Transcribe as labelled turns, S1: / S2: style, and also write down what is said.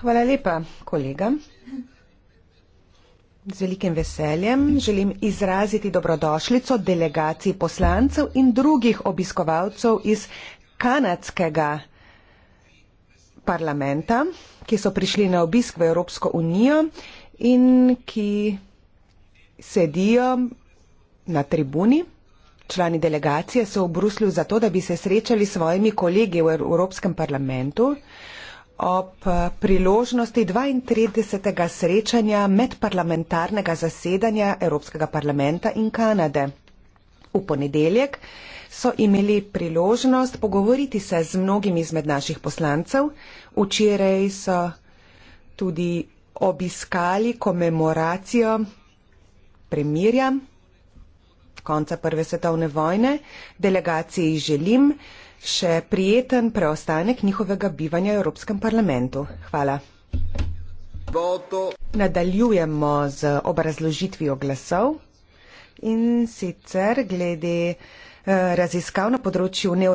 S1: hvala lepa kolega z velikim veseljem želim izraziti dobrodošlico delegaciji poslancev in drugih obiskovalcev iz kanadskega parlamenta ki so prišli na obisk v evropsko unijo in ki sedijo na tribuni Člani delegacije so v Bruslju zato, da bi se srečali s svojimi kolegi v Evropskem parlamentu ob eh, priložnosti 32. srečanja medparlamentarnega zasedanja Evropskega parlamenta in Kanade. V ponedeljek so imeli priložnost pogovoriti se z mnogimi izmed naših poslancev. Včeraj so tudi obiskali komemoracijo premirja konca Prve svetovne vojne, delegaciji želim še prijeten preostanek njihovega bivanja v Evropskem parlamentu. Hvala. Voto. Nadaljujemo z obrazložitvijo glasov in sicer glede eh, raziskav na področju neuromedicine.